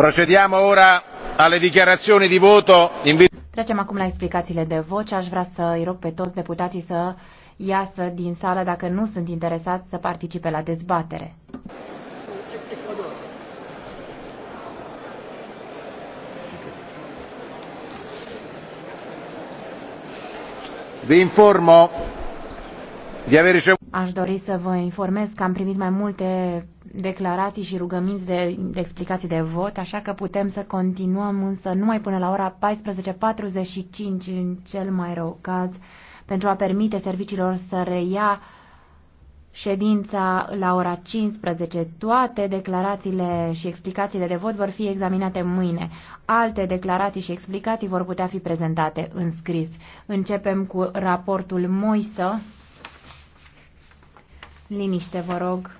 Procediamo ora alle dichiarazioni di voto. Trecem acum la explicațiile de voce. Aș vrea să îi rog pe toți deputații să iasă din sală dacă nu sunt interesați să participe la dezbatere. Vi informo di aver ricevuto... Aș dori să vă informez că am primit mai multe declarații și rugăminți de, de explicații de vot, așa că putem să continuăm însă numai până la ora 14.45 în cel mai rău caz pentru a permite serviciilor să reia ședința la ora 15. Toate declarațiile și explicațiile de vot vor fi examinate mâine. Alte declarații și explicații vor putea fi prezentate în scris. Începem cu raportul Moisă. Liniște, vă rog.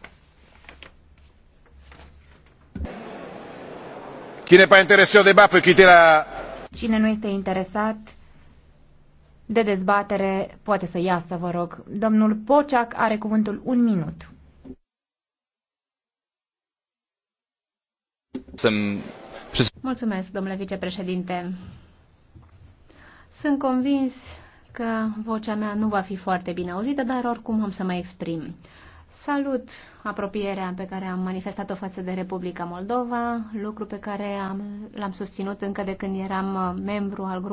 Cine nu este interesat de dezbatere poate să iasă, vă rog. Domnul Pociac are cuvântul un minut. Mulțumesc, domnule vicepreședinte. Sunt convins că vocea mea nu va fi foarte bine auzită, dar oricum am să mă exprim. Salut apropierea pe care am manifestat-o față de Republica Moldova, lucru pe care l-am susținut încă de când eram uh, membru al grupului.